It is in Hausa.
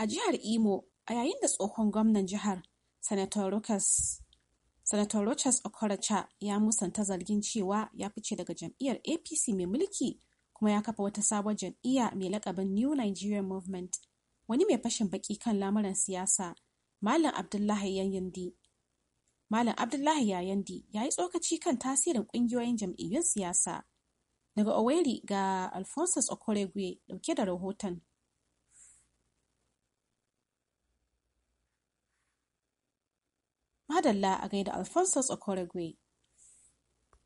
A jihar Imo, a yayin da tsohon gwamnan jihar, Sanator Rochas Okoracha ya musanta zargin cewa ya fice daga jam'iyyar APC mai mulki kuma ya kafa wata sabon jam'iyya mai lakabin New Nigerian Movement. Wani mai fashin baki kan lamuran siyasa, Malam Abdullahi Yayandi. Malam Abdullahi Yayandi ya yi tsokaci kan tasirin ƙungiyoyin jam'iyyun siyasa. Daga Oweri ga Alphonsus Okoregwe ɗauke da rahoton. Madalla a gaida Alphonsus Okorigwe.